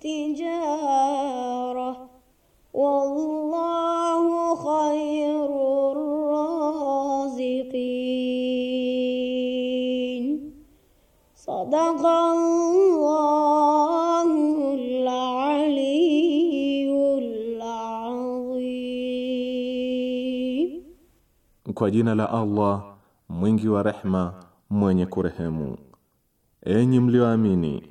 التجارة والله خير الرازقين صدق الله العلي العظيم kwa jina la Allah mwingi wa rehema mwenye kurehemu enyi mlioamini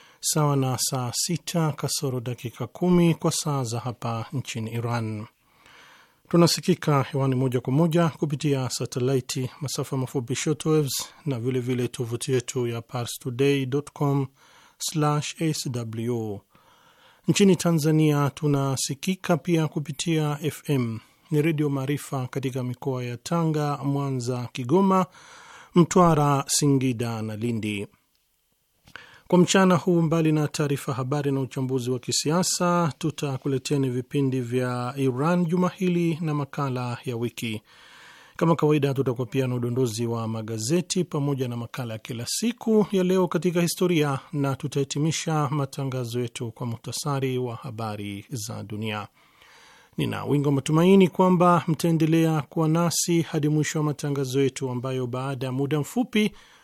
sawa na saa sita kasoro dakika kumi kwa saa za hapa nchini Iran. Tunasikika hewani moja kwa moja kupitia satelaiti, masafa mafupi shortwaves na vilevile tovuti yetu ya parstoday.com/sw. Nchini Tanzania tunasikika pia kupitia FM ni Redio Maarifa katika mikoa ya Tanga, Mwanza, Kigoma, Mtwara, Singida na Lindi. Kwa mchana huu, mbali na taarifa habari na uchambuzi wa kisiasa, tutakuleteni vipindi vya Iran juma hili na makala ya wiki. Kama kawaida, tutakuwa pia na udondozi wa magazeti pamoja na makala ya kila siku ya leo katika historia, na tutahitimisha matangazo yetu kwa muhtasari wa habari za dunia. Nina wingi wa matumaini kwamba mtaendelea kuwa nasi hadi mwisho wa matangazo yetu, ambayo baada ya muda mfupi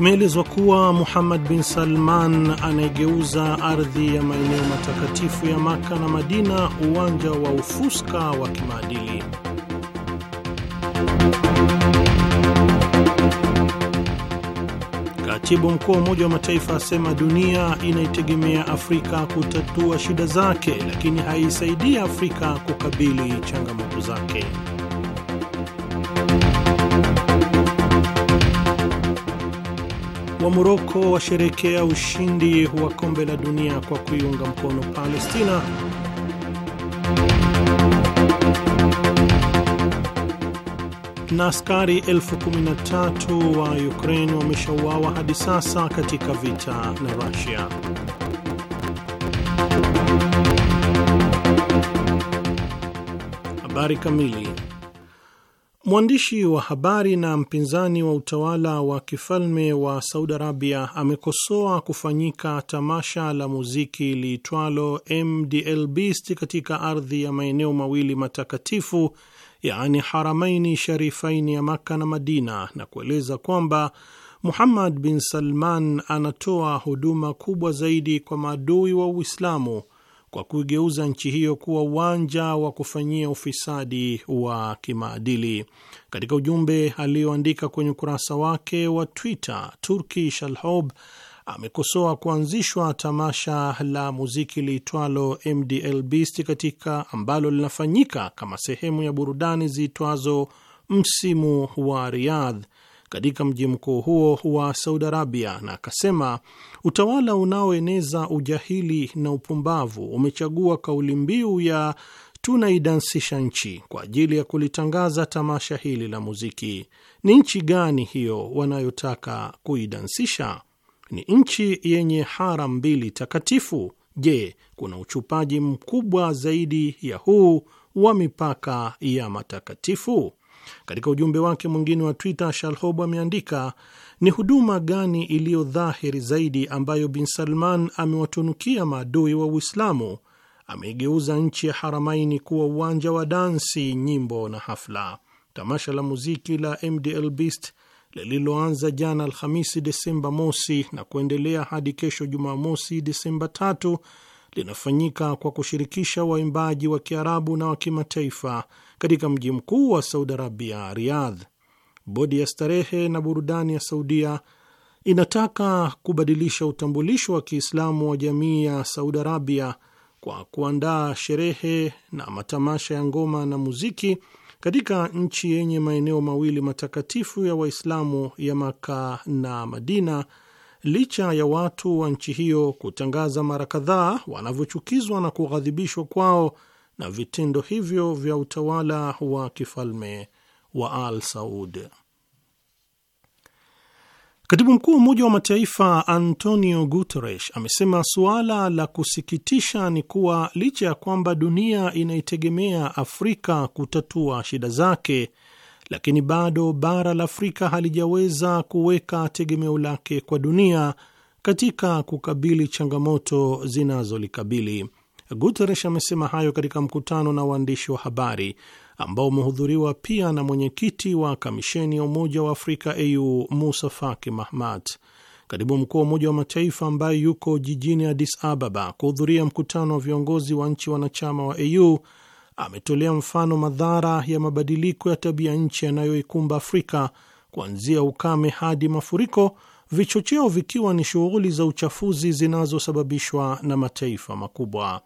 Imeelezwa kuwa Muhammad bin Salman anayegeuza ardhi ya maeneo matakatifu ya Maka na Madina uwanja wa ufuska wa kimaadili. Katibu mkuu wa Umoja wa Mataifa asema dunia inaitegemea Afrika kutatua shida zake, lakini haisaidii Afrika kukabili changamoto zake. wa Moroko washerekea ushindi wa kombe la dunia kwa kuiunga mkono Palestina. Na askari elfu kumi na tatu wa Ukraine wameshauawa hadi sasa katika vita na Russia. Habari kamili Mwandishi wa habari na mpinzani wa utawala wa kifalme wa Saudi Arabia amekosoa kufanyika tamasha la muziki liitwalo MDL Beast katika ardhi ya maeneo mawili matakatifu yaani Haramaini Sharifaini ya Makka na Madina na kueleza kwamba Muhammad bin Salman anatoa huduma kubwa zaidi kwa maadui wa Uislamu kwa kuigeuza nchi hiyo kuwa uwanja wa kufanyia ufisadi wa kimaadili. Katika ujumbe aliyoandika kwenye ukurasa wake wa Twitter, Turki Shalhob amekosoa kuanzishwa tamasha la muziki liitwalo MDL Beast katika ambalo linafanyika kama sehemu ya burudani ziitwazo msimu wa Riyadh katika mji mkuu huo wa Saudi Arabia, na akasema utawala unaoeneza ujahili na upumbavu umechagua kauli mbiu ya tunaidansisha nchi kwa ajili ya kulitangaza tamasha hili la muziki. Ni nchi gani hiyo wanayotaka kuidansisha? Ni nchi yenye hara mbili takatifu. Je, kuna uchupaji mkubwa zaidi ya huu wa mipaka ya matakatifu? Katika ujumbe wake mwingine wa Twitter, Shalhob ameandika ni huduma gani iliyo dhahiri zaidi ambayo Bin Salman amewatunukia maadui wa Uislamu? Ameigeuza nchi ya Haramaini kuwa uwanja wa dansi, nyimbo na hafla. Tamasha la muziki la MDL Beast lililoanza jana Alhamisi Desemba mosi na kuendelea hadi kesho Jumamosi Desemba tatu linafanyika kwa kushirikisha waimbaji wa Kiarabu na wa kimataifa katika mji mkuu wa Saudi Arabia, Riyadh. Bodi ya starehe na burudani ya Saudia inataka kubadilisha utambulisho wa Kiislamu wa jamii ya Saudi Arabia kwa kuandaa sherehe na matamasha ya ngoma na muziki katika nchi yenye maeneo mawili matakatifu ya Waislamu ya Maka na Madina, licha ya watu wa nchi hiyo kutangaza mara kadhaa wanavyochukizwa na kughadhibishwa kwao na vitendo hivyo vya utawala wa kifalme wa Al Saud. Katibu mkuu wa Umoja wa Mataifa Antonio Guterres amesema suala la kusikitisha ni kuwa licha ya kwamba dunia inaitegemea Afrika kutatua shida zake, lakini bado bara la Afrika halijaweza kuweka tegemeo lake kwa dunia katika kukabili changamoto zinazolikabili. Guterres amesema hayo katika mkutano na waandishi wa habari ambao umehudhuriwa pia na mwenyekiti wa kamisheni ya Umoja wa Afrika AU Musa Faki Mahamat. Katibu mkuu wa Umoja wa Mataifa ambaye yuko jijini Addis Ababa kuhudhuria mkutano wa viongozi wa nchi wanachama wa AU ametolea mfano madhara ya mabadiliko ya tabia nchi yanayoikumba Afrika kuanzia ukame hadi mafuriko, vichocheo vikiwa ni shughuli za uchafuzi zinazosababishwa na mataifa makubwa.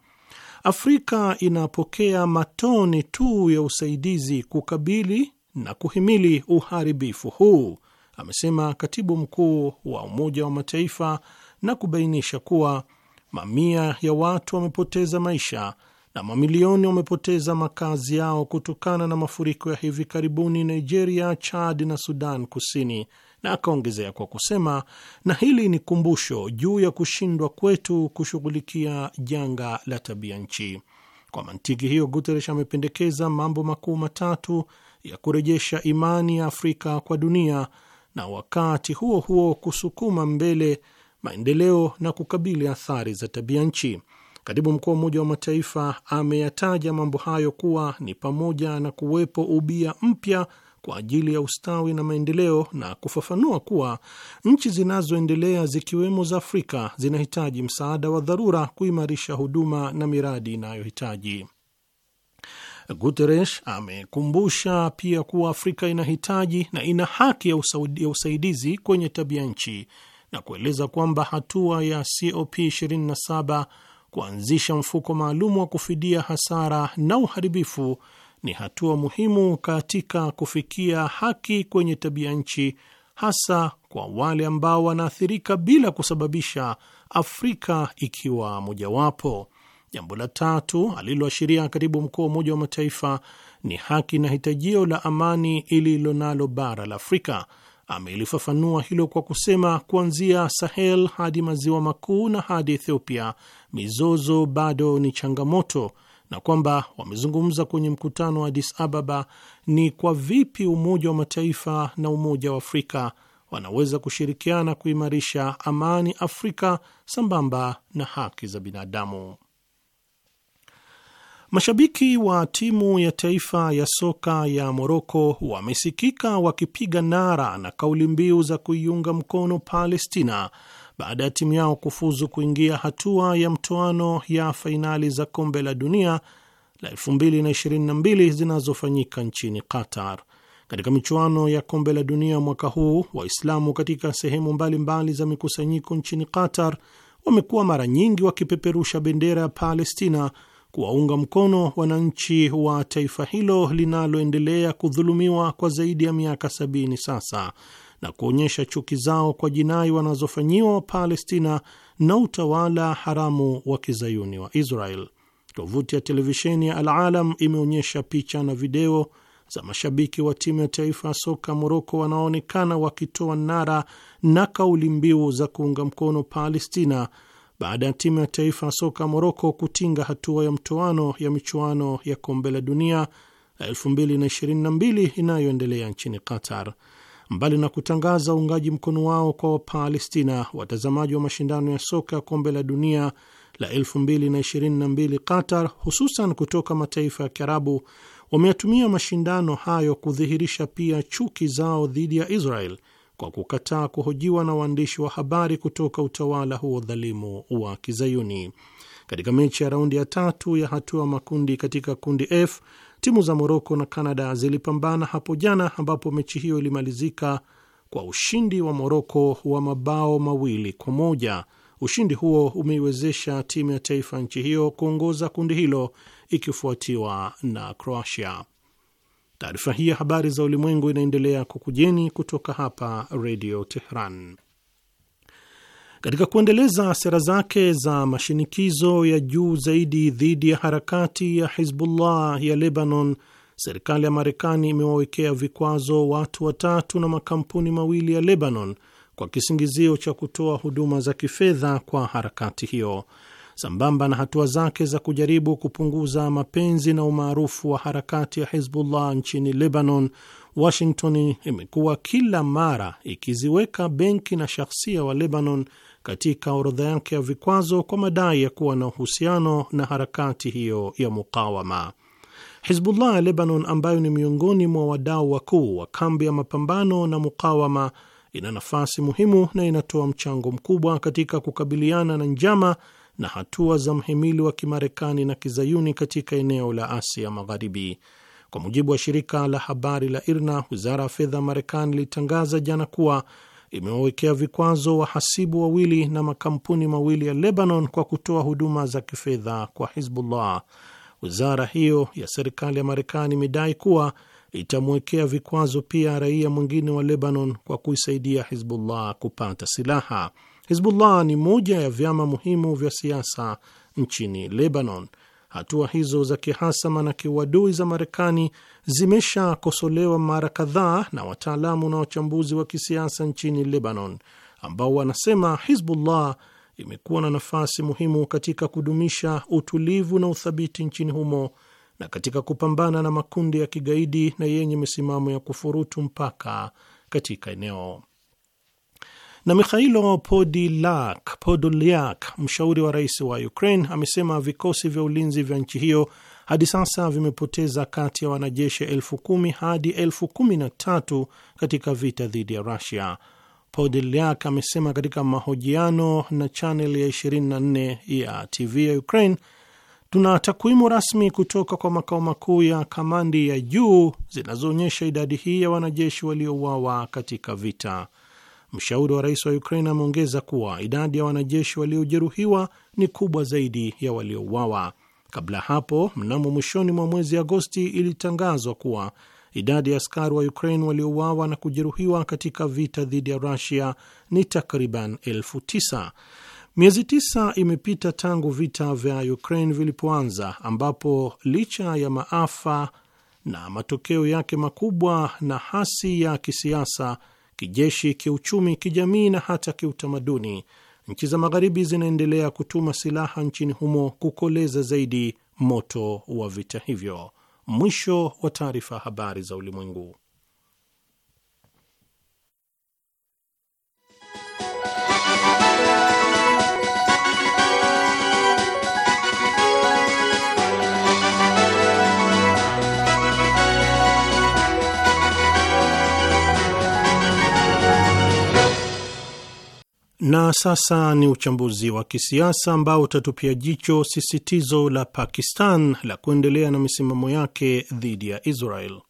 Afrika inapokea matoni tu ya usaidizi kukabili na kuhimili uharibifu huu, amesema katibu mkuu wa Umoja wa Mataifa na kubainisha kuwa mamia ya watu wamepoteza maisha na mamilioni wamepoteza makazi yao kutokana na mafuriko ya hivi karibuni Nigeria, Chad na Sudan Kusini, na akaongezea kwa kusema, na hili ni kumbusho juu ya kushindwa kwetu kushughulikia janga la tabia nchi. Kwa mantiki hiyo, Guterres amependekeza mambo makuu matatu ya kurejesha imani ya Afrika kwa dunia na wakati huo huo kusukuma mbele maendeleo na kukabili athari za tabia nchi. Katibu mkuu wa Umoja wa Mataifa ameyataja mambo hayo kuwa ni pamoja na kuwepo ubia mpya kwa ajili ya ustawi na maendeleo na kufafanua kuwa nchi zinazoendelea zikiwemo za Afrika zinahitaji msaada wa dharura kuimarisha huduma na miradi inayohitaji. Guterres amekumbusha pia kuwa Afrika inahitaji na ina haki ya, ya usaidizi kwenye tabia nchi na kueleza kwamba hatua ya COP27 kuanzisha mfuko maalum wa kufidia hasara na uharibifu ni hatua muhimu katika kufikia haki kwenye tabia nchi, hasa kwa wale ambao wanaathirika bila kusababisha Afrika ikiwa mojawapo. Jambo la tatu aliloashiria katibu mkuu wa Umoja wa Mataifa ni haki na hitajio la amani ililonalo bara la Afrika. Amelifafanua hilo kwa kusema, kuanzia Sahel hadi maziwa makuu na hadi Ethiopia, mizozo bado ni changamoto na kwamba wamezungumza kwenye mkutano wa Addis Ababa ni kwa vipi Umoja wa Mataifa na Umoja wa Afrika wanaweza kushirikiana kuimarisha amani Afrika sambamba na haki za binadamu. Mashabiki wa timu ya taifa ya soka ya Moroko wamesikika wakipiga nara na kauli mbiu za kuiunga mkono Palestina baada ya timu yao kufuzu kuingia hatua ya mtoano ya fainali za kombe la dunia la 2022 zinazofanyika nchini Qatar. Katika michuano ya kombe la dunia mwaka huu, Waislamu katika sehemu mbalimbali mbali za mikusanyiko nchini Qatar wamekuwa mara nyingi wakipeperusha bendera ya Palestina kuwaunga mkono wananchi wa taifa hilo linaloendelea kudhulumiwa kwa zaidi ya miaka sabini sasa na kuonyesha chuki zao kwa jinai wanazofanyiwa Wapalestina na utawala haramu wa kizayuni wa Israel. Tovuti ya televisheni ya Alalam imeonyesha picha na video za mashabiki wa timu ya taifa ya soka Moroko wanaoonekana wakitoa nara na kauli mbiu za kuunga mkono Palestina baada ya timu ya taifa ya soka Moroko kutinga hatua ya mtoano ya michuano ya kombe la dunia 2022 inayoendelea nchini Qatar. Mbali na kutangaza uungaji mkono wao kwa Wapalestina, watazamaji wa mashindano ya soka ya kombe la dunia la 2022 Qatar, hususan kutoka mataifa ya Kiarabu, wameyatumia mashindano hayo kudhihirisha pia chuki zao dhidi ya Israel kwa kukataa kuhojiwa na waandishi wa habari kutoka utawala huo dhalimu wa Kizayuni. Katika mechi ya raundi ya tatu ya hatua makundi katika kundi F Timu za Moroko na Canada zilipambana hapo jana, ambapo mechi hiyo ilimalizika kwa ushindi wa Moroko wa mabao mawili kwa moja. Ushindi huo umeiwezesha timu ya taifa nchi hiyo kuongoza kundi hilo ikifuatiwa na Croatia. Taarifa hii ya habari za ulimwengu inaendelea kukujeni kutoka hapa Redio Tehran. Katika kuendeleza sera zake za mashinikizo ya juu zaidi dhidi ya harakati ya Hizbullah ya Lebanon, serikali ya Marekani imewawekea vikwazo watu watatu na makampuni mawili ya Lebanon kwa kisingizio cha kutoa huduma za kifedha kwa harakati hiyo, sambamba na hatua zake za kujaribu kupunguza mapenzi na umaarufu wa harakati ya Hizbullah nchini Lebanon. Washington imekuwa kila mara ikiziweka benki na shahsia wa Lebanon katika orodha yake ya vikwazo kwa madai ya kuwa na uhusiano na harakati hiyo ya mukawama. Hizbullah ya Lebanon, ambayo ni miongoni mwa wadau wakuu wa kambi ya mapambano na mukawama, ina nafasi muhimu na inatoa mchango mkubwa katika kukabiliana na njama na hatua za mhimili wa Kimarekani na Kizayuni katika eneo la Asia Magharibi. Kwa mujibu wa shirika la habari la IRNA, wizara ya fedha ya Marekani ilitangaza jana kuwa imewawekea vikwazo wahasibu wawili na makampuni mawili ya Lebanon kwa kutoa huduma za kifedha kwa Hizbullah. Wizara hiyo ya serikali ya Marekani imedai kuwa itamwekea vikwazo pia raia mwingine wa Lebanon kwa kuisaidia Hizbullah kupata silaha. Hizbullah ni moja ya vyama muhimu vya siasa nchini Lebanon. Hatua hizo za kihasama na kiuadui za Marekani zimeshakosolewa mara kadhaa na wataalamu na wachambuzi wa kisiasa nchini Lebanon, ambao wanasema Hizbullah imekuwa na nafasi muhimu katika kudumisha utulivu na uthabiti nchini humo na katika kupambana na makundi ya kigaidi na yenye misimamo ya kufurutu mpaka katika eneo. Na Mikhailo Podilak, Podolyak, mshauri wa rais wa Ukraine, amesema vikosi vya ulinzi vya nchi hiyo hadi sasa vimepoteza kati ya wanajeshi elfu kumi hadi elfu kumi na tatu katika vita dhidi ya Rusia. Podilyak amesema katika mahojiano na chanel ya 24 ya TV ya Ukraine, tuna takwimu rasmi kutoka kwa makao makuu ya kamandi ya juu zinazoonyesha idadi hii ya wanajeshi waliouawa katika vita Mshauri wa rais wa Ukraine ameongeza kuwa idadi ya wanajeshi waliojeruhiwa ni kubwa zaidi ya waliouawa. Kabla hapo, mnamo mwishoni mwa mwezi Agosti ilitangazwa kuwa idadi ya askari wa Ukraine waliouawa na kujeruhiwa katika vita dhidi ya Rusia ni takriban elfu tisa. Miezi tisa imepita tangu vita vya Ukraine vilipoanza, ambapo licha ya maafa na matokeo yake makubwa na hasi ya kisiasa kijeshi, kiuchumi, kijamii na hata kiutamaduni, nchi za Magharibi zinaendelea kutuma silaha nchini humo kukoleza zaidi moto wa vita hivyo. Mwisho wa taarifa. Habari za Ulimwengu. Na sasa ni uchambuzi wa kisiasa ambao utatupia jicho sisitizo la Pakistan la kuendelea na misimamo yake dhidi ya Israel.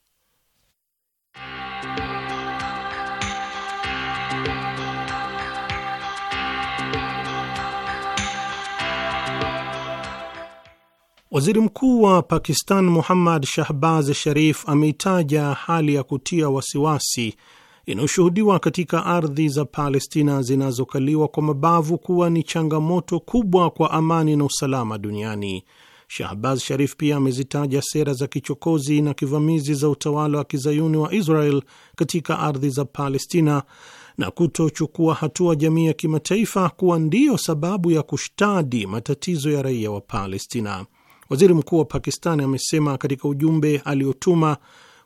Waziri Mkuu wa Pakistan Muhammad Shahbaz Sharif ameitaja hali ya kutia wasiwasi inayoshuhudiwa katika ardhi za Palestina zinazokaliwa kwa mabavu kuwa ni changamoto kubwa kwa amani na usalama duniani. Shahbaz Sharif pia amezitaja sera za kichokozi na kivamizi za utawala wa kizayuni wa Israel katika ardhi za Palestina na kutochukua hatua jamii ya kimataifa kuwa ndiyo sababu ya kushtadi matatizo ya raia wa Palestina. Waziri Mkuu wa Pakistani amesema katika ujumbe aliotuma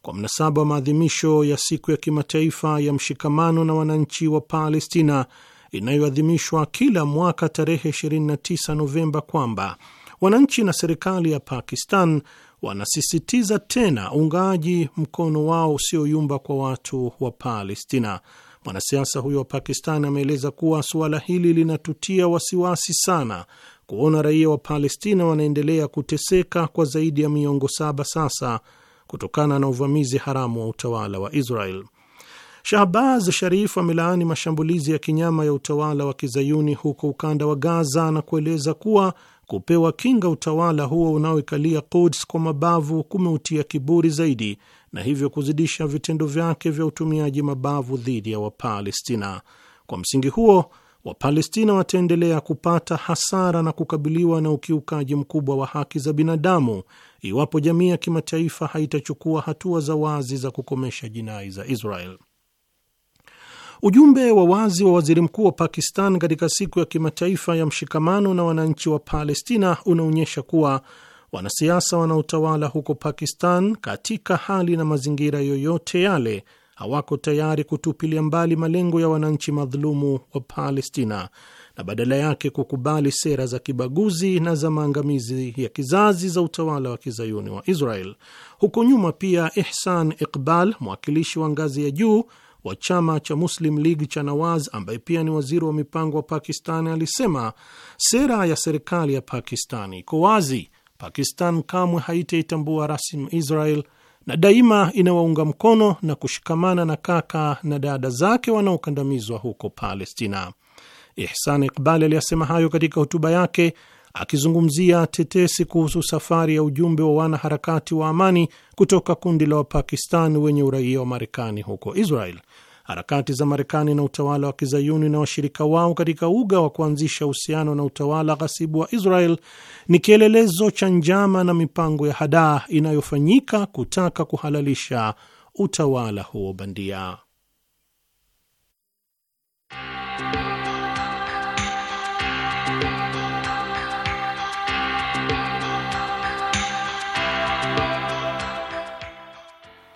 kwa mnasaba wa maadhimisho ya siku ya kimataifa ya mshikamano na wananchi wa Palestina inayoadhimishwa kila mwaka tarehe 29 Novemba kwamba wananchi na serikali ya Pakistan wanasisitiza tena uungaji mkono wao usioyumba kwa watu wa Palestina. Mwanasiasa huyo wa Pakistan ameeleza kuwa suala hili linatutia wasiwasi sana kuona raia wa Palestina wanaendelea kuteseka kwa zaidi ya miongo saba sasa kutokana na uvamizi haramu wa utawala wa Israel. Shahbaz Sharif amelaani mashambulizi ya kinyama ya utawala wa kizayuni huko ukanda wa Gaza na kueleza kuwa kupewa kinga utawala huo unaoikalia Quds kwa mabavu kumeutia kiburi zaidi na hivyo kuzidisha vitendo vyake vya utumiaji mabavu dhidi ya Wapalestina. Kwa msingi huo Wapalestina wataendelea kupata hasara na kukabiliwa na ukiukaji mkubwa wa haki za binadamu iwapo jamii ya kimataifa haitachukua hatua za wazi za kukomesha jinai za Israel. Ujumbe wa wazi wa waziri mkuu wa Pakistan katika siku ya kimataifa ya mshikamano na wananchi wa Palestina unaonyesha kuwa wanasiasa wanaotawala huko Pakistan katika hali na mazingira yoyote yale hawako tayari kutupilia mbali malengo ya wananchi madhulumu wa Palestina na badala yake kukubali sera za kibaguzi na za maangamizi ya kizazi za utawala wa kizayuni wa Israel. Huko nyuma pia, Ihsan Iqbal, mwakilishi wa ngazi ya juu wa chama cha Muslim League cha Nawaz ambaye pia ni waziri wa mipango wa Pakistani alisema sera ya serikali ya Pakistani iko wazi: Pakistan kamwe haitaitambua rasmi Israel na daima inawaunga mkono na kushikamana na kaka na dada zake wanaokandamizwa huko Palestina. Ihsan Iqbal aliyasema hayo katika hotuba yake akizungumzia tetesi kuhusu safari ya ujumbe wa wanaharakati wa amani kutoka kundi la Wapakistan wenye uraia wa Marekani huko Israel harakati za Marekani na utawala wa kizayuni na washirika wao katika uga wa kuanzisha uhusiano na utawala ghasibu wa Israel ni kielelezo cha njama na mipango ya hadaa inayofanyika kutaka kuhalalisha utawala huo bandia.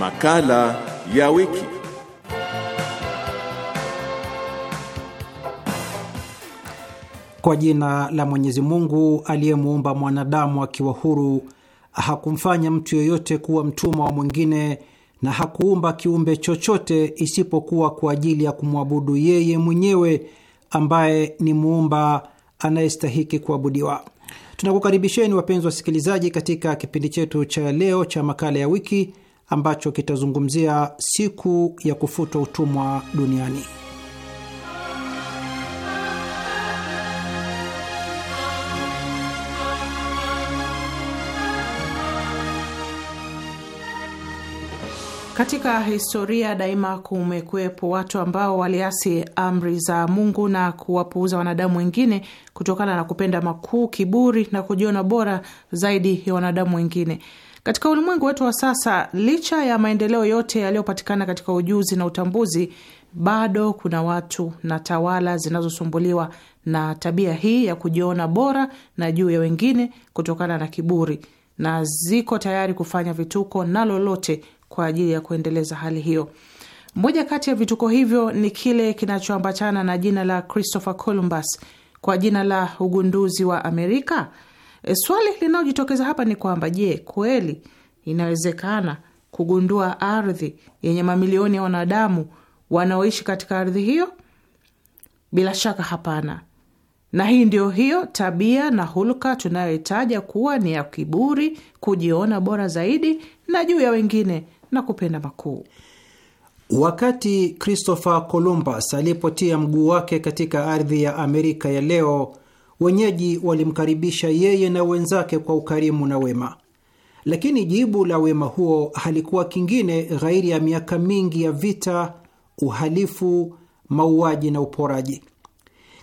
Makala ya wiki. Kwa jina la Mwenyezi Mungu aliyemuumba mwanadamu akiwa huru, hakumfanya mtu yoyote kuwa mtumwa wa mwingine, na hakuumba kiumbe chochote isipokuwa kwa ajili ya kumwabudu yeye mwenyewe ambaye ni muumba anayestahiki kuabudiwa. Tunakukaribisheni wapenzi wasikilizaji, katika kipindi chetu cha leo cha makala ya wiki ambacho kitazungumzia siku ya kufutwa utumwa duniani. Katika historia daima kumekuwepo watu ambao waliasi amri za Mungu na kuwapuuza wanadamu wengine kutokana na kupenda makuu, kiburi na kujiona bora zaidi ya wanadamu wengine. Katika ulimwengu wetu wa sasa, licha ya maendeleo yote yaliyopatikana katika ujuzi na utambuzi, bado kuna watu na tawala zinazosumbuliwa na tabia hii ya kujiona bora na juu ya wengine kutokana na kiburi, na ziko tayari kufanya vituko na lolote kwa ajili ya kuendeleza hali hiyo. Moja kati ya vituko hivyo ni kile kinachoambatana na jina la Christopher Columbus kwa jina la ugunduzi wa Amerika E, swali linalojitokeza hapa ni kwamba je, kweli inawezekana kugundua ardhi yenye mamilioni ya wanadamu wanaoishi katika ardhi hiyo? Bila shaka hapana. Na hii ndio hiyo tabia na hulka tunayoitaja kuwa ni ya kiburi, kujiona bora zaidi na juu ya wengine na kupenda makuu. Wakati Christopher Columbus alipotia mguu wake katika ardhi ya Amerika ya leo wenyeji walimkaribisha yeye na wenzake kwa ukarimu na wema, lakini jibu la wema huo halikuwa kingine ghairi ya miaka mingi ya vita, uhalifu, mauaji na uporaji.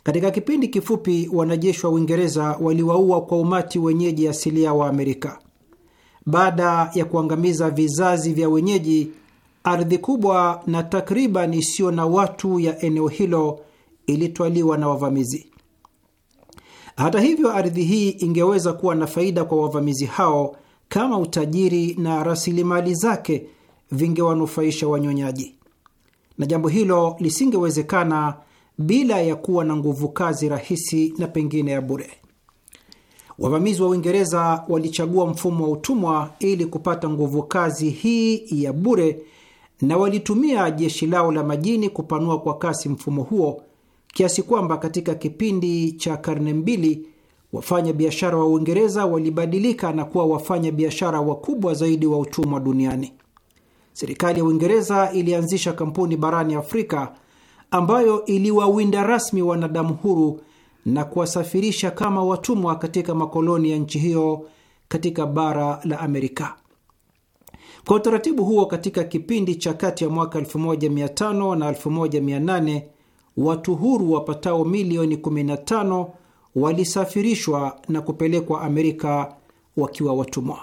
Katika kipindi kifupi, wanajeshi wa Uingereza waliwaua kwa umati wenyeji asilia wa Amerika. Baada ya kuangamiza vizazi vya wenyeji, ardhi kubwa na takriban isiyo na watu ya eneo hilo ilitwaliwa na wavamizi. Hata hivyo, ardhi hii ingeweza kuwa na faida kwa wavamizi hao kama utajiri na rasilimali zake vingewanufaisha wanyonyaji, na jambo hilo lisingewezekana bila ya kuwa na nguvu kazi rahisi na pengine ya bure. Wavamizi wa Uingereza walichagua mfumo wa utumwa ili kupata nguvu kazi hii ya bure, na walitumia jeshi lao la majini kupanua kwa kasi mfumo huo kiasi kwamba katika kipindi cha karne mbili wafanya biashara wa Uingereza walibadilika na kuwa wafanya biashara wakubwa zaidi wa utumwa duniani. Serikali ya Uingereza ilianzisha kampuni barani Afrika ambayo iliwawinda rasmi wanadamu huru na kuwasafirisha kama watumwa katika makoloni ya nchi hiyo katika bara la Amerika. Kwa utaratibu huo, katika kipindi cha kati ya mwaka 1500 na 1800 watu huru wapatao milioni 15 walisafirishwa na kupelekwa Amerika wakiwa watumwa.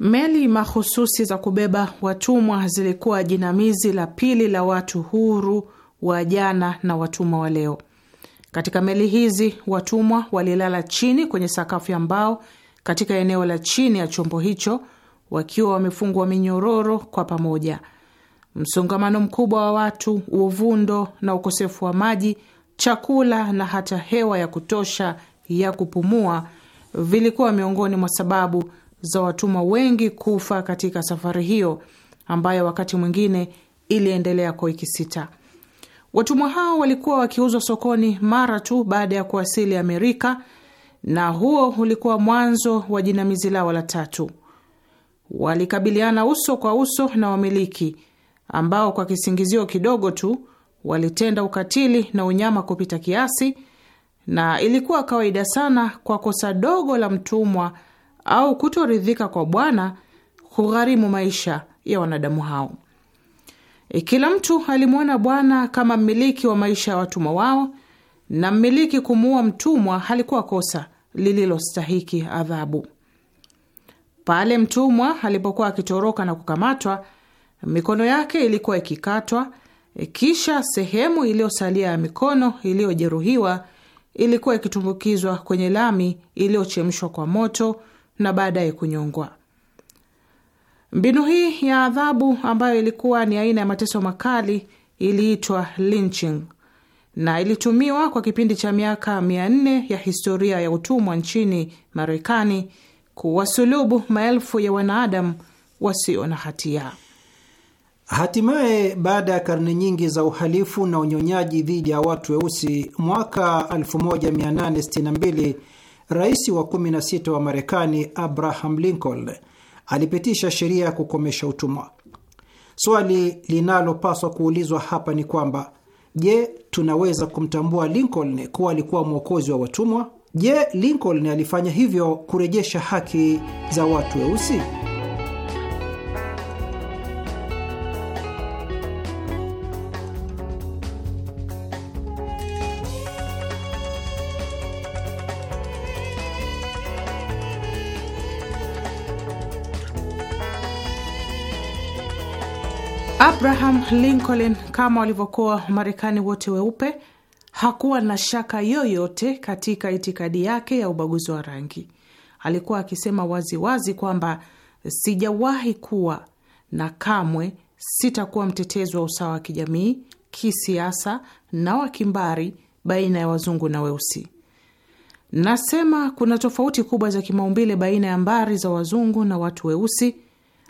Meli mahususi za kubeba watumwa zilikuwa jinamizi la pili la watu huru wa jana na watumwa wa leo. Katika meli hizi watumwa walilala chini kwenye sakafu ya mbao katika eneo la chini ya chombo hicho, wakiwa wamefungwa minyororo kwa pamoja. Msongamano mkubwa wa watu, uvundo na ukosefu wa maji, chakula na hata hewa ya kutosha ya kupumua vilikuwa miongoni mwa sababu za watumwa wengi kufa katika safari hiyo ambayo wakati mwingine iliendelea kwa wiki sita. Watumwa hao walikuwa wakiuzwa sokoni mara tu baada ya kuwasili Amerika, na huo ulikuwa mwanzo wa jinamizi lao la tatu. Walikabiliana uso kwa uso na wamiliki ambao kwa kisingizio kidogo tu walitenda ukatili na unyama kupita kiasi, na ilikuwa kawaida sana kwa kosa dogo la mtumwa au kutoridhika kwa bwana kugharimu maisha ya wanadamu hao. E, kila mtu alimwona bwana kama mmiliki wa maisha ya watumwa wao, na mmiliki kumuua mtumwa halikuwa kosa lililostahiki adhabu. Pale mtumwa alipokuwa akitoroka na kukamatwa Mikono yake ilikuwa ikikatwa, e, kisha sehemu iliyosalia ya mikono iliyojeruhiwa ilikuwa ikitumbukizwa kwenye lami iliyochemshwa kwa moto na baadaye kunyongwa. Mbinu hii ya adhabu ambayo ilikuwa ni aina ya mateso makali iliitwa lynching na ilitumiwa kwa kipindi cha miaka mia nne ya historia ya utumwa nchini Marekani kuwasulubu maelfu ya wanaadamu wasio na hatia. Hatimaye, baada ya karne nyingi za uhalifu na unyonyaji dhidi ya watu weusi, mwaka 1862 rais wa 16 wa Marekani Abraham Lincoln alipitisha sheria ya kukomesha utumwa. Swali linalopaswa kuulizwa hapa ni kwamba je, tunaweza kumtambua Lincoln kuwa alikuwa mwokozi wa watumwa? Je, Lincoln alifanya hivyo kurejesha haki za watu weusi? Lincoln kama walivyokuwa marekani wote weupe hakuwa na shaka yoyote katika itikadi yake ya ubaguzi wa rangi. Alikuwa akisema waziwazi kwamba sijawahi kuwa na kamwe sitakuwa mtetezi wa usawa wa kijamii, kisiasa na wa kimbari baina ya wazungu na weusi. Nasema kuna tofauti kubwa za kimaumbile baina ya mbari za wazungu na watu weusi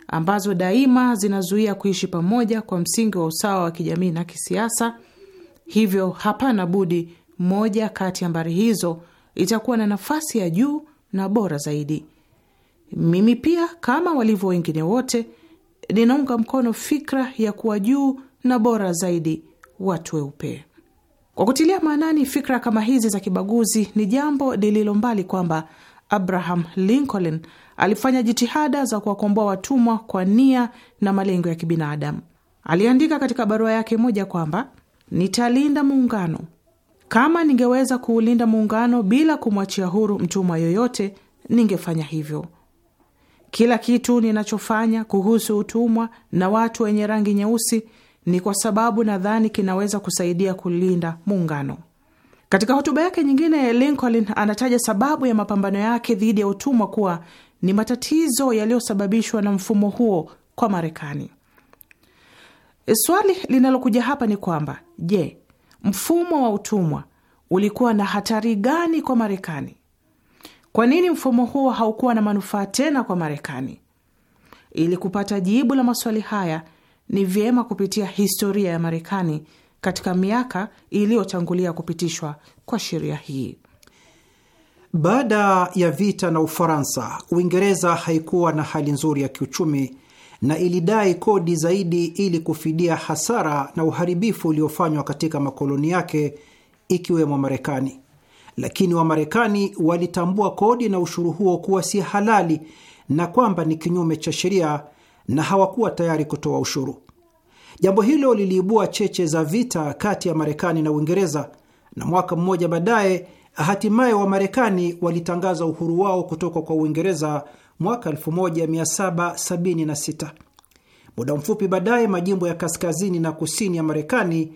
ambazo daima zinazuia kuishi pamoja kwa msingi wa usawa wa kijamii na kisiasa. Hivyo hapana budi moja kati ya mbari hizo itakuwa na nafasi ya juu na bora zaidi. Mimi pia kama walivyo wengine wote, ninaunga mkono fikra ya kuwa juu na bora zaidi watu weupe. Kwa kutilia maanani fikra kama hizi za kibaguzi, ni jambo lililo mbali kwamba Abraham Lincoln alifanya jitihada za kuwakomboa watumwa kwa nia na malengo ya kibinadamu. Aliandika katika barua yake moja kwamba nitalinda muungano kama ningeweza kuulinda muungano bila kumwachia huru mtumwa yoyote, ningefanya hivyo. Kila kitu ninachofanya kuhusu utumwa na watu wenye rangi nyeusi ni kwa sababu nadhani kinaweza kusaidia kulinda muungano. Katika hotuba yake nyingine, Lincoln anataja sababu ya mapambano yake dhidi ya utumwa kuwa ni matatizo yaliyosababishwa na mfumo huo kwa Marekani. E, swali linalokuja hapa ni kwamba je, mfumo wa utumwa ulikuwa na hatari gani kwa Marekani? Kwa nini mfumo huo haukuwa na manufaa tena kwa Marekani? Ili kupata jibu la maswali haya ni vyema kupitia historia ya Marekani katika miaka iliyotangulia kupitishwa kwa sheria hii. Baada ya vita na Ufaransa, Uingereza haikuwa na hali nzuri ya kiuchumi na ilidai kodi zaidi ili kufidia hasara na uharibifu uliofanywa katika makoloni yake ikiwemo Marekani. Lakini Wamarekani walitambua kodi na ushuru huo kuwa si halali na kwamba ni kinyume cha sheria na hawakuwa tayari kutoa ushuru. Jambo hilo liliibua cheche za vita kati ya Marekani na Uingereza, na mwaka mmoja baadaye Hatimaye Wamarekani walitangaza uhuru wao kutoka kwa Uingereza mwaka 1776. Muda mfupi baadaye, majimbo ya kaskazini na kusini ya Marekani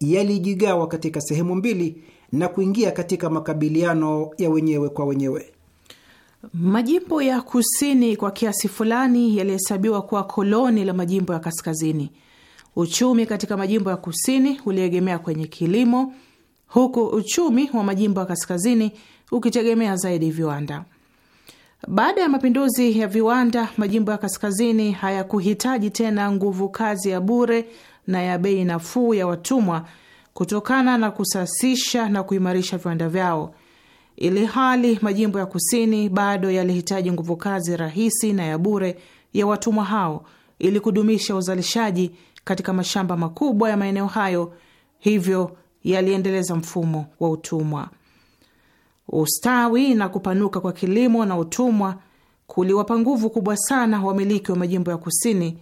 yalijigawa katika sehemu mbili na kuingia katika makabiliano ya wenyewe kwa wenyewe. Majimbo ya kusini kwa kiasi fulani yalihesabiwa kuwa koloni la majimbo ya kaskazini. Uchumi katika majimbo ya kusini uliegemea kwenye kilimo huku uchumi wa majimbo ya kaskazini ukitegemea zaidi viwanda. Baada ya mapinduzi ya viwanda, majimbo ya kaskazini hayakuhitaji tena nguvu kazi ya bure na ya bei nafuu ya watumwa kutokana na kusasisha na kuimarisha viwanda vyao, ili hali majimbo ya kusini bado yalihitaji nguvu kazi rahisi na ya bure ya watumwa hao ili kudumisha uzalishaji katika mashamba makubwa ya maeneo hayo, hivyo yaliendeleza mfumo wa utumwa. Ustawi na kupanuka kwa kilimo na utumwa kuliwapa nguvu kubwa sana wamiliki wa majimbo ya kusini,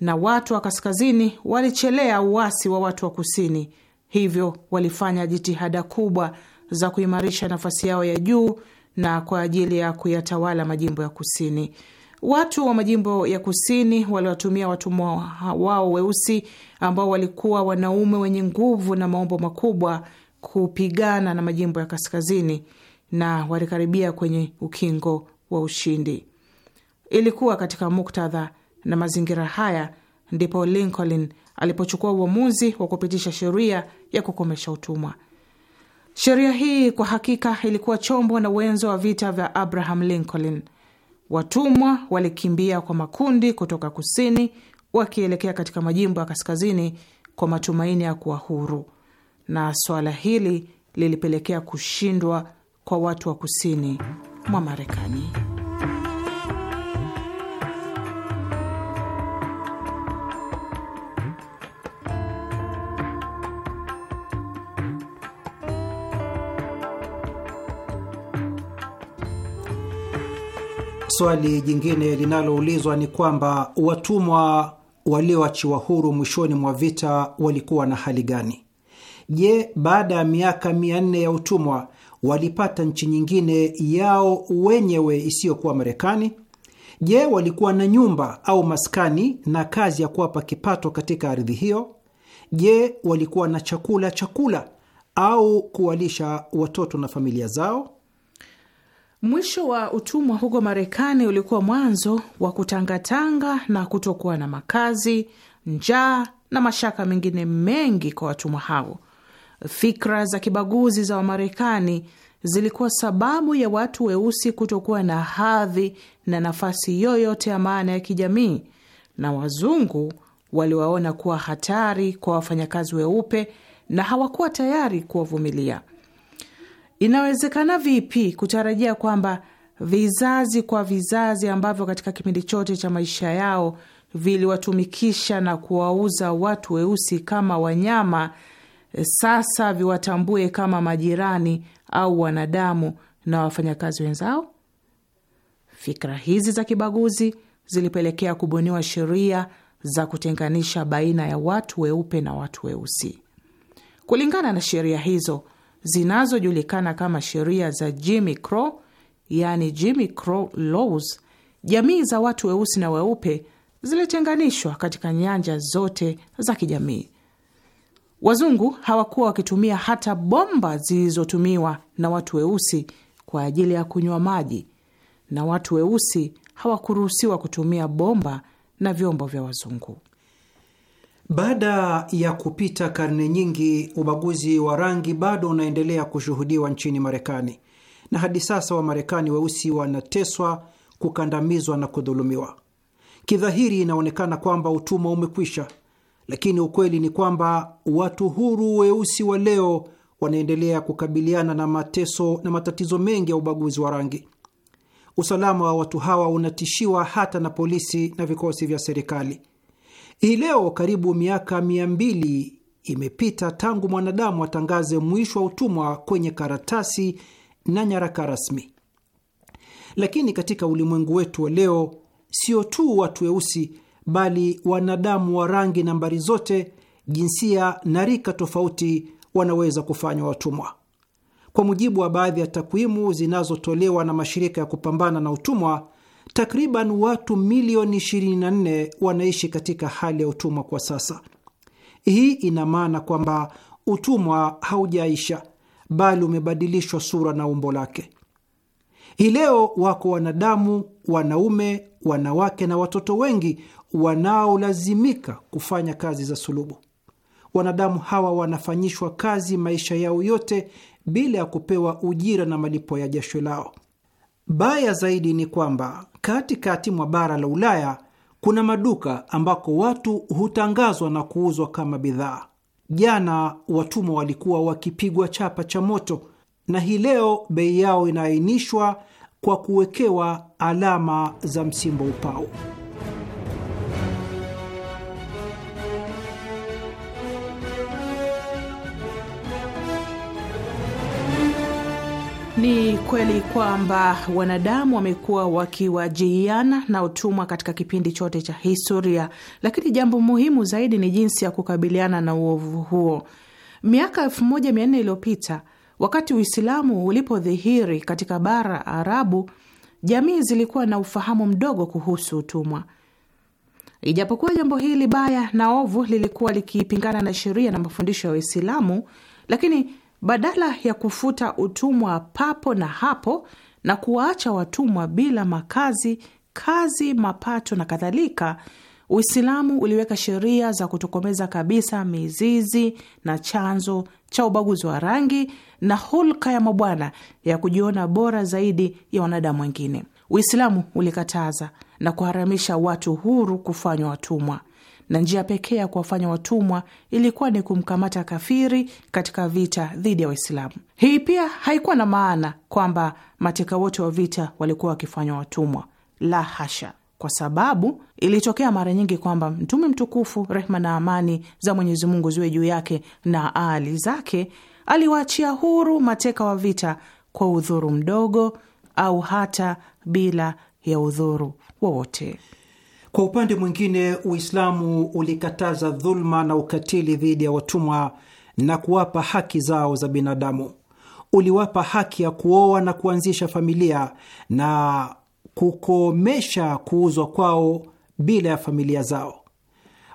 na watu wa kaskazini walichelea uasi wa watu wa kusini, hivyo walifanya jitihada kubwa za kuimarisha nafasi yao ya juu na kwa ajili ya kuyatawala majimbo ya kusini. Watu wa majimbo ya kusini waliwatumia watumwa wao weusi ambao walikuwa wanaume wenye nguvu na maumbo makubwa kupigana na majimbo ya kaskazini na walikaribia kwenye ukingo wa ushindi. Ilikuwa katika muktadha na mazingira haya ndipo Lincoln alipochukua uamuzi wa kupitisha sheria ya kukomesha utumwa. Sheria hii kwa hakika ilikuwa chombo na wenzo wa vita vya Abraham Lincoln. Watumwa walikimbia kwa makundi kutoka kusini wakielekea katika majimbo ya kaskazini kwa matumaini ya kuwa huru, na swala hili lilipelekea kushindwa kwa watu wa kusini mwa Marekani. Swali jingine linaloulizwa ni kwamba watumwa walioachiwa huru mwishoni mwa vita walikuwa na hali gani? Je, baada ya miaka mia nne ya utumwa walipata nchi nyingine yao wenyewe isiyokuwa Marekani? Je, walikuwa na nyumba au maskani na kazi ya kuwapa kipato katika ardhi hiyo? Je, walikuwa na chakula chakula au kuwalisha watoto na familia zao? Mwisho wa utumwa huko Marekani ulikuwa mwanzo wa kutangatanga na kutokuwa na makazi, njaa na mashaka mengine mengi kwa watumwa hao. Fikra za kibaguzi za Wamarekani zilikuwa sababu ya watu weusi kutokuwa na hadhi na nafasi yoyote ya maana ya kijamii, na wazungu waliwaona kuwa hatari kwa wafanyakazi weupe na hawakuwa tayari kuwavumilia. Inawezekana vipi kutarajia kwamba vizazi kwa vizazi ambavyo katika kipindi chote cha maisha yao viliwatumikisha na kuwauza watu weusi kama wanyama, sasa viwatambue kama majirani au wanadamu na wafanyakazi wenzao? Fikra hizi za kibaguzi zilipelekea kubuniwa sheria za kutenganisha baina ya watu weupe na watu weusi. Kulingana na sheria hizo zinazojulikana kama sheria za Jimmy Crow, yani Jimmy Crow laws, jamii za watu weusi na weupe zilitenganishwa katika nyanja zote za kijamii. Wazungu hawakuwa wakitumia hata bomba zilizotumiwa na watu weusi kwa ajili ya kunywa maji, na watu weusi hawakuruhusiwa kutumia bomba na vyombo vya wazungu. Baada ya kupita karne nyingi, ubaguzi wa rangi bado unaendelea kushuhudiwa nchini Marekani, na hadi sasa Wamarekani weusi wanateswa, kukandamizwa na kudhulumiwa. Kidhahiri inaonekana kwamba utumwa umekwisha, lakini ukweli ni kwamba watu huru weusi wa leo wanaendelea kukabiliana na mateso na matatizo mengi ya ubaguzi wa rangi. Usalama wa watu hawa unatishiwa hata na polisi na vikosi vya serikali. Hii leo karibu miaka mia mbili imepita tangu mwanadamu atangaze mwisho wa utumwa kwenye karatasi na nyaraka rasmi, lakini katika ulimwengu wetu wa leo, sio tu watu weusi, bali wanadamu wa rangi, nambari zote, jinsia na rika tofauti wanaweza kufanywa watumwa. Kwa mujibu wa baadhi ya takwimu zinazotolewa na mashirika ya kupambana na utumwa, Takriban watu milioni 24 wanaishi katika hali ya utumwa kwa sasa. Hii ina maana kwamba utumwa haujaisha, bali umebadilishwa sura na umbo lake. Hii leo wako wanadamu, wanaume, wanawake na watoto wengi wanaolazimika kufanya kazi za sulubu. Wanadamu hawa wanafanyishwa kazi maisha yao yote bila ya kupewa ujira na malipo ya jasho lao. Baya zaidi ni kwamba katikati mwa bara la Ulaya kuna maduka ambako watu hutangazwa na kuuzwa kama bidhaa. Jana watumwa walikuwa wakipigwa chapa cha moto, na hii leo bei yao inaainishwa kwa kuwekewa alama za msimbo upau. Ni kweli kwamba wanadamu wamekuwa wakiwajiiana na utumwa katika kipindi chote cha historia, lakini jambo muhimu zaidi ni jinsi ya kukabiliana na uovu huo. Miaka nne iliyopita, wakati Uislamu ulipodhihiri katika bara Arabu, jamii zilikuwa na ufahamu mdogo kuhusu utumwa. Ijapokuwa jambo hili baya na ovu lilikuwa likipingana na sheria na mafundisho ya Uislamu, lakini badala ya kufuta utumwa papo na hapo na kuwaacha watumwa bila makazi, kazi, mapato na kadhalika, Uislamu uliweka sheria za kutokomeza kabisa mizizi na chanzo cha ubaguzi wa rangi na hulka ya mabwana ya kujiona bora zaidi ya wanadamu wengine. Uislamu ulikataza na kuharamisha watu huru kufanywa watumwa na njia pekee ya kuwafanya watumwa ilikuwa ni kumkamata kafiri katika vita dhidi ya Waislamu. Hii pia haikuwa na maana kwamba mateka wote wa vita walikuwa wakifanywa watumwa, la hasha, kwa sababu ilitokea mara nyingi kwamba Mtume mtukufu, rehma na amani za Mwenyezi Mungu ziwe juu yake na aali zake, aliwaachia huru mateka wa vita kwa udhuru mdogo au hata bila ya udhuru wowote. Kwa upande mwingine, Uislamu ulikataza dhuluma na ukatili dhidi ya watumwa na kuwapa haki zao za binadamu. Uliwapa haki ya kuoa na kuanzisha familia na kukomesha kuuzwa kwao bila ya familia zao.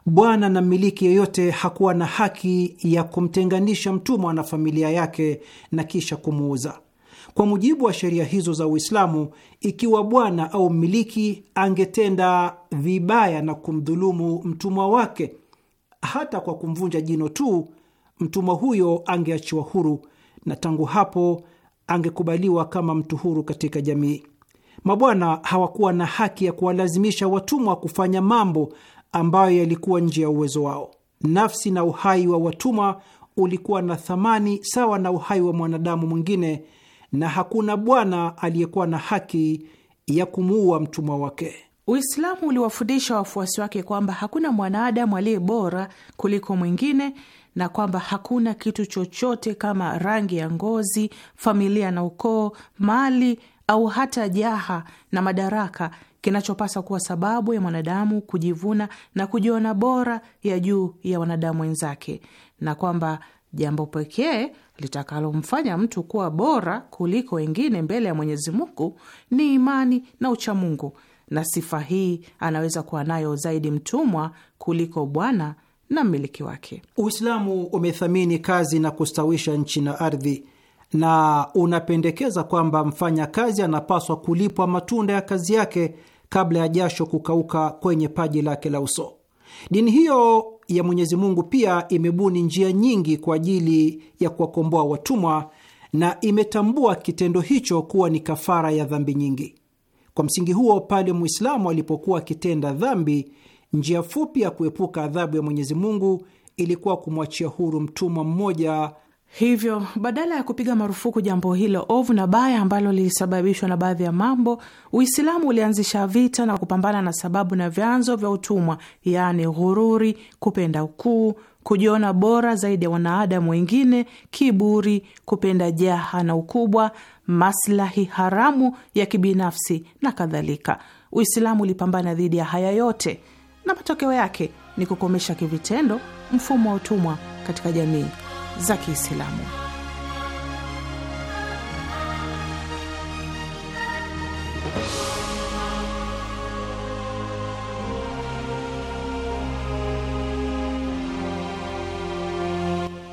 Bwana na mmiliki yeyote hakuwa na haki ya kumtenganisha mtumwa na familia yake na kisha kumuuza. Kwa mujibu wa sheria hizo za Uislamu, ikiwa bwana au mmiliki angetenda vibaya na kumdhulumu mtumwa wake hata kwa kumvunja jino tu, mtumwa huyo angeachiwa huru na tangu hapo angekubaliwa kama mtu huru katika jamii. Mabwana hawakuwa na haki ya kuwalazimisha watumwa kufanya mambo ambayo yalikuwa nje ya uwezo wao. Nafsi na uhai wa watumwa ulikuwa na thamani sawa na uhai wa mwanadamu mwingine na hakuna bwana aliyekuwa na haki ya kumuua mtumwa wake. Uislamu uliwafundisha wafuasi wake kwamba hakuna mwanadamu aliye bora kuliko mwingine na kwamba hakuna kitu chochote kama rangi ya ngozi, familia na ukoo, mali au hata jaha na madaraka kinachopasa kuwa sababu ya mwanadamu kujivuna na kujiona bora ya juu ya wanadamu wenzake, na kwamba jambo pekee litakalomfanya mtu kuwa bora kuliko wengine mbele ya Mwenyezi Mungu ni imani na uchamungu, na sifa hii anaweza kuwa nayo zaidi mtumwa kuliko bwana na mmiliki wake. Uislamu umethamini kazi na kustawisha nchi na ardhi, na unapendekeza kwamba mfanya kazi anapaswa kulipwa matunda ya kazi yake kabla ya jasho kukauka kwenye paji lake la uso. Dini hiyo ya Mwenyezi Mungu pia imebuni njia nyingi kwa ajili ya kuwakomboa watumwa na imetambua kitendo hicho kuwa ni kafara ya dhambi nyingi. Kwa msingi huo, pale Mwislamu alipokuwa akitenda dhambi, njia fupi ya kuepuka adhabu ya Mwenyezi Mungu ilikuwa kumwachia huru mtumwa mmoja Hivyo badala ya kupiga marufuku jambo hilo ovu na baya ambalo lilisababishwa na baadhi ya mambo, Uislamu ulianzisha vita na kupambana na sababu na vyanzo vya utumwa, yaani ghururi, kupenda ukuu, kujiona bora zaidi ya wanaadamu wengine, kiburi, kupenda jaha na ukubwa, maslahi haramu ya kibinafsi na kadhalika. Uislamu ulipambana dhidi ya haya yote, na matokeo yake ni kukomesha kivitendo mfumo wa utumwa katika jamii za Kiislamu.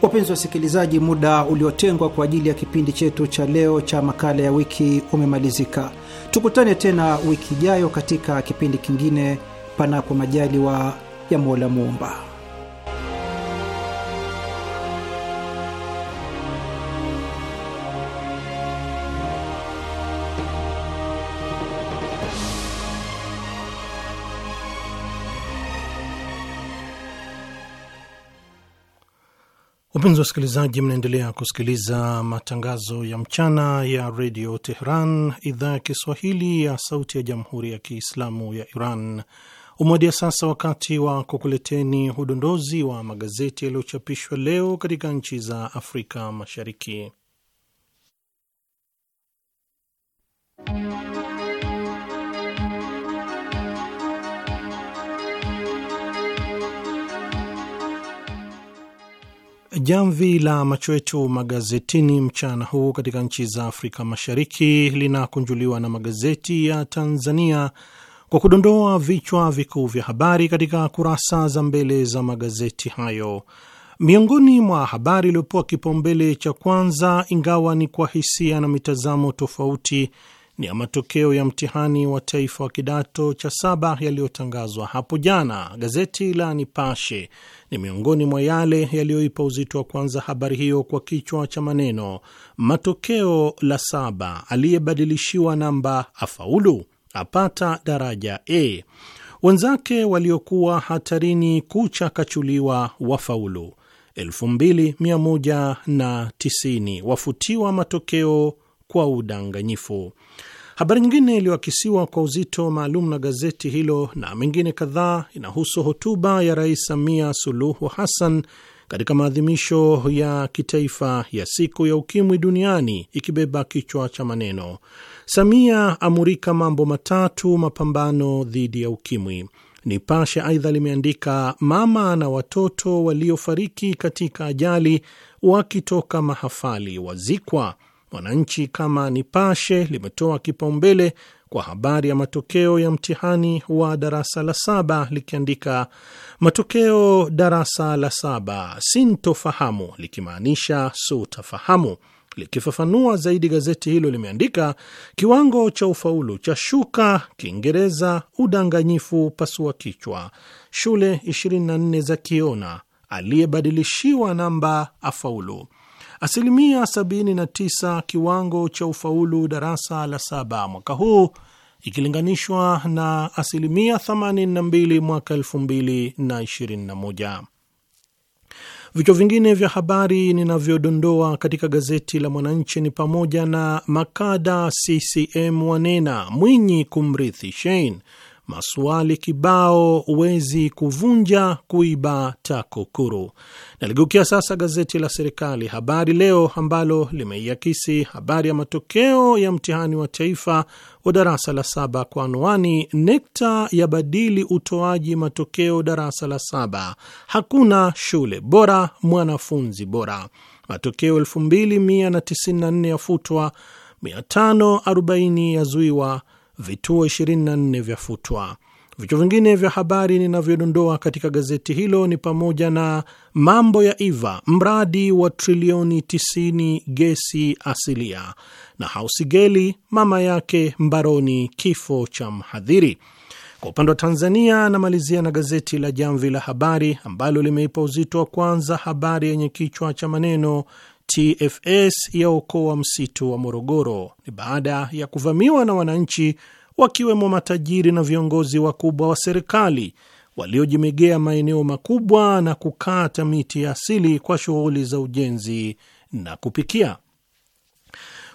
Wapenzi wasikilizaji, muda uliotengwa kwa ajili ya kipindi chetu cha leo cha makala ya wiki umemalizika. Tukutane tena wiki ijayo katika kipindi kingine, panapo majaliwa ya Mola Muumba. Wapenzi wasikilizaji, mnaendelea kusikiliza matangazo ya mchana ya redio Tehran, idhaa ya Kiswahili ya sauti ya jamhuri ya Kiislamu ya Iran. Umewadia sasa wakati wa kukuleteni udondozi wa magazeti yaliyochapishwa leo katika nchi za Afrika Mashariki. Jamvi la macho yetu magazetini mchana huu katika nchi za Afrika Mashariki linakunjuliwa na magazeti ya Tanzania kwa kudondoa vichwa vikuu vya habari katika kurasa za mbele za magazeti hayo. Miongoni mwa habari iliyopewa kipaumbele cha kwanza, ingawa ni kwa hisia na mitazamo tofauti, ya matokeo ya mtihani wa taifa wa kidato cha saba yaliyotangazwa hapo jana. Gazeti la Nipashe ni miongoni mwa yale yaliyoipa uzito wa kwanza habari hiyo kwa kichwa cha maneno, matokeo la saba, aliyebadilishiwa namba afaulu, apata daraja A, wenzake waliokuwa hatarini kuchakachuliwa wafaulu 2190 wafutiwa matokeo kwa udanganyifu. Habari nyingine iliyoakisiwa kwa uzito maalum na gazeti hilo na mengine kadhaa inahusu hotuba ya Rais Samia Suluhu Hassan katika maadhimisho ya kitaifa ya siku ya ukimwi duniani ikibeba kichwa cha maneno Samia amurika mambo matatu mapambano dhidi ya ukimwi. Nipashe aidha limeandika mama na watoto waliofariki katika ajali wakitoka mahafali wazikwa Mwananchi kama Nipashe limetoa kipaumbele kwa habari ya matokeo ya mtihani wa darasa la saba likiandika matokeo darasa la saba sintofahamu, likimaanisha sutafahamu. Likifafanua zaidi, gazeti hilo limeandika kiwango cha ufaulu cha shuka, Kiingereza udanganyifu pasua kichwa, shule 24 za kiona, aliyebadilishiwa namba afaulu asilimia 79 kiwango cha ufaulu darasa la saba mwaka huu ikilinganishwa na asilimia 82 mwaka 2021. Vichwa vingine vya habari ninavyodondoa katika gazeti la Mwananchi ni pamoja na makada CCM wanena Mwinyi kumrithi Shein, maswali kibao, wezi kuvunja, kuiba, takukuru. Naligeukia sasa gazeti la serikali Habari Leo ambalo limeiakisi habari ya matokeo ya mtihani wa taifa wa darasa la saba kwa anwani NECTA yabadili utoaji matokeo darasa la saba, hakuna shule bora, mwanafunzi bora. Matokeo 2194 yafutwa, 540 yazuiwa vituo 24 vyafutwa. Vichwa vingine vya habari ninavyodondoa katika gazeti hilo ni pamoja na mambo ya Iva, mradi wa trilioni 90 gesi asilia, na Hausigeli mama yake mbaroni, kifo cha mhadhiri. Kwa upande wa Tanzania, anamalizia na gazeti la Jamvi la Habari ambalo limeipa uzito wa kwanza habari yenye kichwa cha maneno TFS yaokoa msitu wa Morogoro ni baada ya kuvamiwa na wananchi wakiwemo matajiri na viongozi wakubwa wa serikali waliojimegea maeneo makubwa na kukata miti ya asili kwa shughuli za ujenzi na kupikia.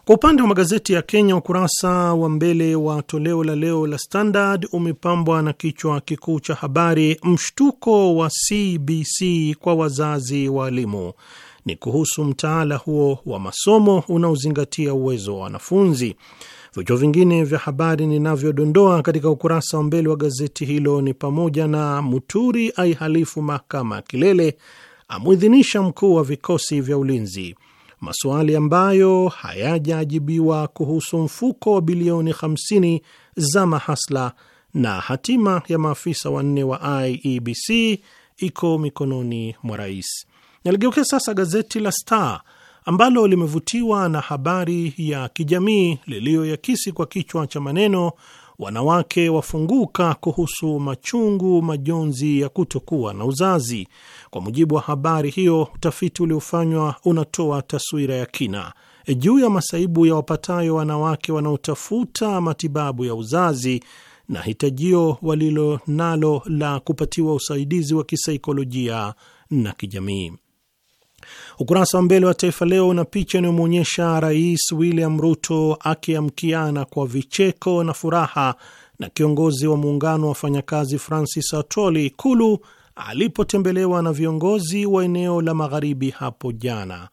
Kwa upande wa magazeti ya Kenya, ukurasa wa mbele wa toleo la leo la Standard umepambwa na kichwa kikuu cha habari, mshtuko wa CBC kwa wazazi waalimu ni kuhusu mtaala huo wa masomo unaozingatia uwezo wa wanafunzi. Vichwa vingine vya habari ninavyodondoa katika ukurasa wa mbele wa gazeti hilo ni pamoja na Muturi aihalifu mahakama ya kilele, amwidhinisha mkuu wa vikosi vya ulinzi, maswali ambayo hayajaajibiwa kuhusu mfuko wa bilioni 50 za mahasla, na hatima ya maafisa wanne wa IEBC iko mikononi mwa rais. Naligeukia sasa gazeti la Star ambalo limevutiwa na habari ya kijamii liliyoyakisi kwa kichwa cha maneno wanawake wafunguka kuhusu machungu majonzi ya kutokuwa na uzazi. Kwa mujibu wa habari hiyo, utafiti uliofanywa unatoa taswira ya kina e, juu ya masaibu ya wapatayo wanawake wanaotafuta matibabu ya uzazi na hitajio walilo nalo la kupatiwa usaidizi wa kisaikolojia na kijamii. Ukurasa wa mbele wa Taifa Leo na picha inayomwonyesha Rais William Ruto akiamkiana kwa vicheko na furaha na kiongozi wa muungano wa wafanyakazi Francis Atwoli Ikulu alipotembelewa na viongozi wa eneo la magharibi hapo jana.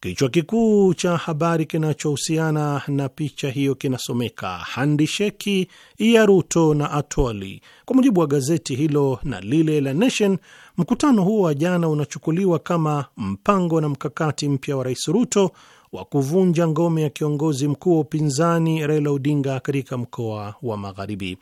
Kichwa kikuu cha habari kinachohusiana na picha hiyo kinasomeka handisheki ya Ruto na Atwoli. Kwa mujibu wa gazeti hilo na lile la Nation, Mkutano huo wa jana unachukuliwa kama mpango na mkakati mpya wa Rais Ruto wa kuvunja ngome ya kiongozi mkuu wa upinzani Raila Odinga katika mkoa wa Magharibi.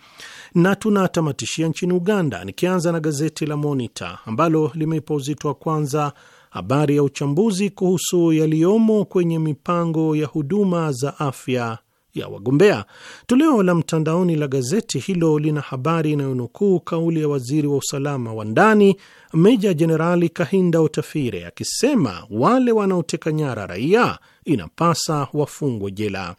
Na tunatamatishia nchini Uganda, nikianza na gazeti la monita ambalo limeipa uzito wa kwanza habari ya uchambuzi kuhusu yaliyomo kwenye mipango ya huduma za afya ya wagombea. Toleo la mtandaoni la gazeti hilo lina habari inayonukuu kauli ya waziri wa usalama wa ndani Meja Jenerali Kahinda Utafire akisema wale wanaoteka nyara raia inapasa wafungwe jela.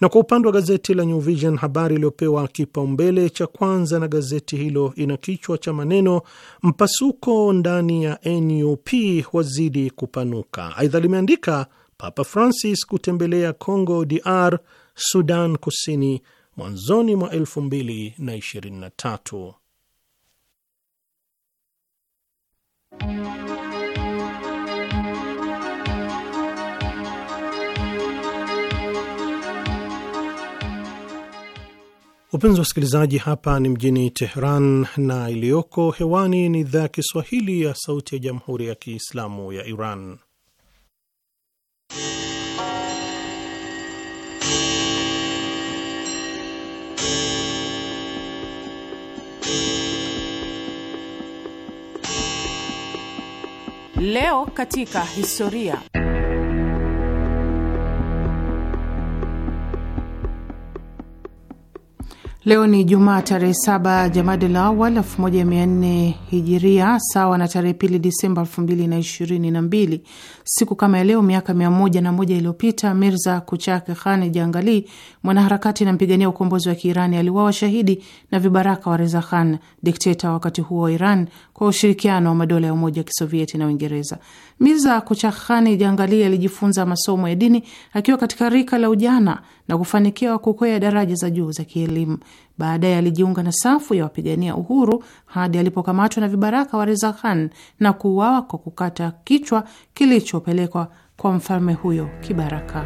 Na kwa upande wa gazeti la New Vision, habari iliyopewa kipaumbele cha kwanza na gazeti hilo ina kichwa cha maneno mpasuko ndani ya NUP wazidi kupanuka. Aidha limeandika Papa Francis kutembelea Congo DR Sudan Kusini mwanzoni mwa 2023. Upenzi wa wasikilizaji, hapa ni mjini Tehran na iliyoko hewani ni idhaa ya Kiswahili ya Sauti ya Jamhuri ya Kiislamu ya Iran. Leo katika historia. Leo ni Jumaa tarehe saba Jamadi la Awal 1400 Hijiria, sawa na tarehe pili Disemba 2022. Siku kama ya leo miaka 11 iliyopita Mirza kuchake Khan Jangali, mwanaharakati na mpigania ukombozi wa Kiirani, aliuawa shahidi na vibaraka wa Reza Khan, dikteta wakati huo wa Iran, kwa ushirikiano wa madola ya Umoja wa Kisovieti na Uingereza. Mirza Kuchakhani Jangali alijifunza masomo ya dini akiwa katika rika la ujana na kufanikiwa kukwea daraja za juu za kielimu. Baadaye alijiunga na safu ya wapigania uhuru hadi alipokamatwa na vibaraka wa Reza Khan na kuuawa kwa kukata kichwa kilichopelekwa kwa mfalme huyo kibaraka.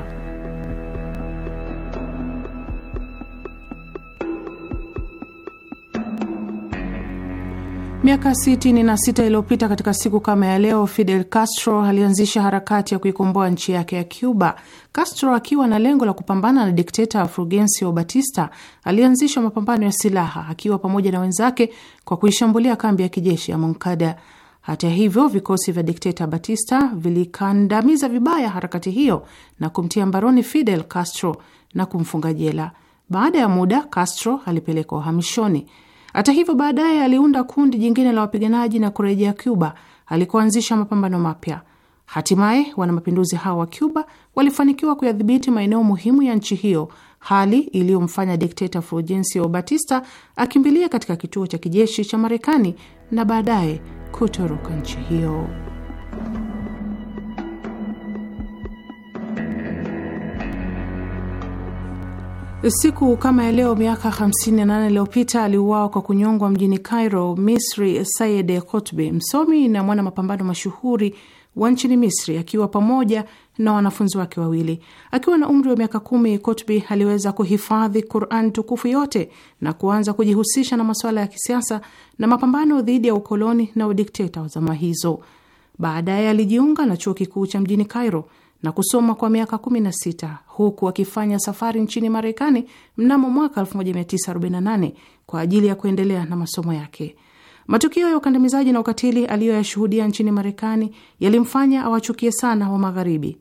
Miaka 66 iliyopita katika siku kama ya leo, Fidel Castro alianzisha harakati ya kuikomboa nchi yake ya Cuba. Castro akiwa na lengo la kupambana na dikteta Fulgencio Batista alianzisha mapambano ya silaha akiwa pamoja na wenzake kwa kuishambulia kambi ya kijeshi ya Moncada. Hata hivyo, vikosi vya dikteta Batista vilikandamiza vibaya harakati hiyo na kumtia mbaroni Fidel Castro na kumfunga jela. Baada ya muda, Castro alipelekwa uhamishoni. Hata hivyo, baadaye aliunda kundi jingine la wapiganaji na kurejea Cuba alikuanzisha mapambano mapya. Hatimaye wanamapinduzi hao wa Cuba walifanikiwa kuyadhibiti maeneo muhimu ya nchi hiyo, hali iliyomfanya dikteta Fulgencio Batista akimbilia katika kituo cha kijeshi cha Marekani na baadaye kutoroka nchi hiyo. Siku kama leo miaka 58 iliyopita aliuawa kwa kunyongwa mjini Cairo, Misri, Sayed Kotbe, msomi na mwana mapambano mashuhuri wa nchini Misri, akiwa pamoja na wanafunzi wake wawili. Akiwa na umri wa miaka kumi, Kotbi aliweza kuhifadhi Quran tukufu yote na kuanza kujihusisha na masuala ya kisiasa na mapambano dhidi ya ukoloni na udikteta wa zama hizo. Baadaye alijiunga na chuo kikuu cha mjini Cairo na kusoma kwa miaka 16 huku akifanya safari nchini Marekani mnamo mwaka 1948 kwa ajili ya kuendelea na masomo yake. Matukio ya ukandamizaji na ukatili aliyoyashuhudia nchini Marekani yalimfanya awachukie sana wa Magharibi.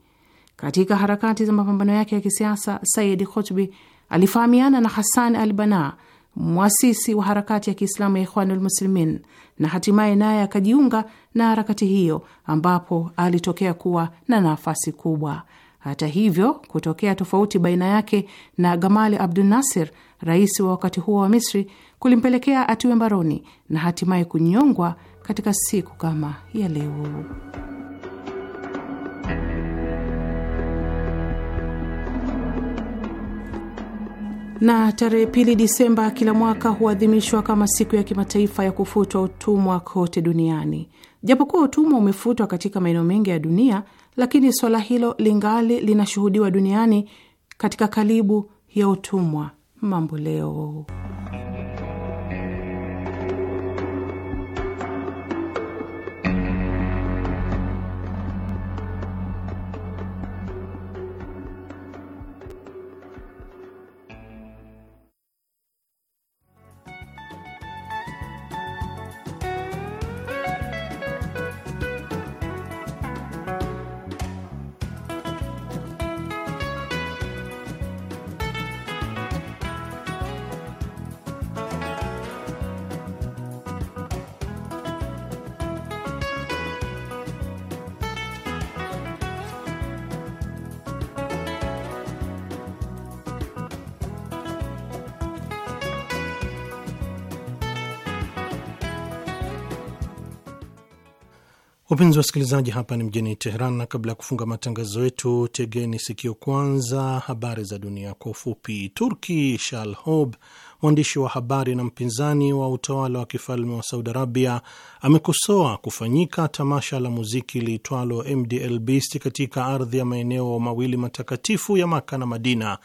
Katika harakati za mapambano yake ya kisiasa, Said Khotbi alifahamiana na Hassan al-Banna mwasisi wa harakati ya Kiislamu ya Ikhwanul Muslimin, na hatimaye naye akajiunga na harakati hiyo ambapo alitokea kuwa na nafasi kubwa. Hata hivyo, kutokea tofauti baina yake na Gamal Abdul Nasir, rais wa wakati huo wa Misri, kulimpelekea atiwe mbaroni na hatimaye kunyongwa katika siku kama ya leo. na tarehe pili Disemba kila mwaka huadhimishwa kama siku ya kimataifa ya kufutwa utumwa kote duniani. Japokuwa utumwa umefutwa katika maeneo mengi ya dunia, lakini swala hilo lingali linashuhudiwa duniani katika kalibu ya utumwa mambo leo. Wapenzi wasikilizaji, hapa ni mjini Teheran, na kabla ya kufunga matangazo yetu, tegeni sikio kwanza habari za dunia kwa ufupi. Turki Shalhob, mwandishi wa habari na mpinzani wa utawala wa kifalme wa Saudi Arabia, amekosoa kufanyika tamasha la muziki liitwalo MDL Beast katika ardhi ya maeneo mawili matakatifu ya Maka na Madina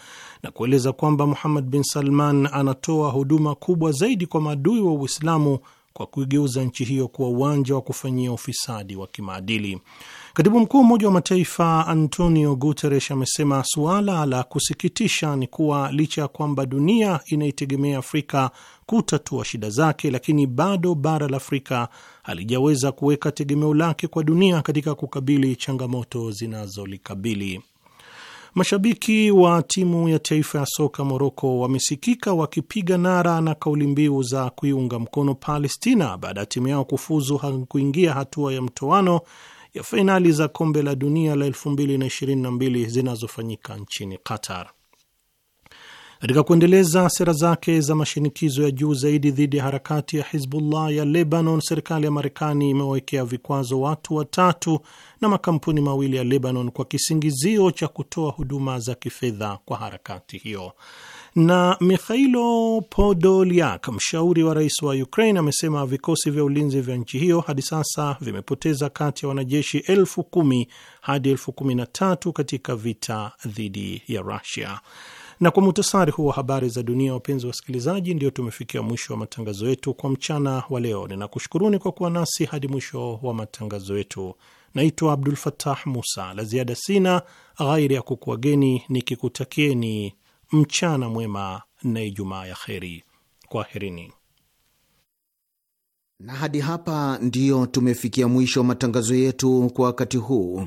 na kueleza kwamba Muhammad bin Salman anatoa huduma kubwa zaidi kwa maadui wa Uislamu kwa kuigeuza nchi hiyo kuwa uwanja wa kufanyia ufisadi wa kimaadili. Katibu mkuu wa Umoja wa Mataifa Antonio Guterres amesema suala la kusikitisha ni kuwa licha ya kwamba dunia inaitegemea Afrika kutatua shida zake, lakini bado bara la Afrika halijaweza kuweka tegemeo lake kwa dunia katika kukabili changamoto zinazolikabili. Mashabiki wa timu ya taifa ya soka Moroko wamesikika wakipiga nara na kauli mbiu za kuiunga mkono Palestina baada ya timu yao kufuzu kuingia hatua ya mtoano ya fainali za kombe la dunia la 2022 zinazofanyika nchini Qatar katika kuendeleza sera zake za mashinikizo ya juu zaidi dhidi ya harakati ya Hizbullah ya Lebanon, serikali ya Marekani imewawekea vikwazo watu watatu na makampuni mawili ya Lebanon kwa kisingizio cha kutoa huduma za kifedha kwa harakati hiyo. Na Mikhailo Podolyak, mshauri wa rais wa Ukraine, amesema vikosi vya ulinzi vya nchi hiyo hadi sasa vimepoteza kati ya wanajeshi elfu kumi hadi elfu kumi na tatu katika vita dhidi ya Rusia. Na kwa muhtasari huu wa habari za dunia, wapenzi wa wasikilizaji, ndio tumefikia mwisho wa matangazo yetu kwa mchana wa leo. Ninakushukuruni kwa kuwa nasi hadi mwisho wa matangazo yetu. Naitwa Abdul fatah Musa. La ziada sina ghairi ya kukuageni nikikutakieni mchana mwema na Ijumaa ya kheri. Kwaherini. Na hadi hapa ndiyo tumefikia mwisho wa matangazo yetu kwa wakati huu.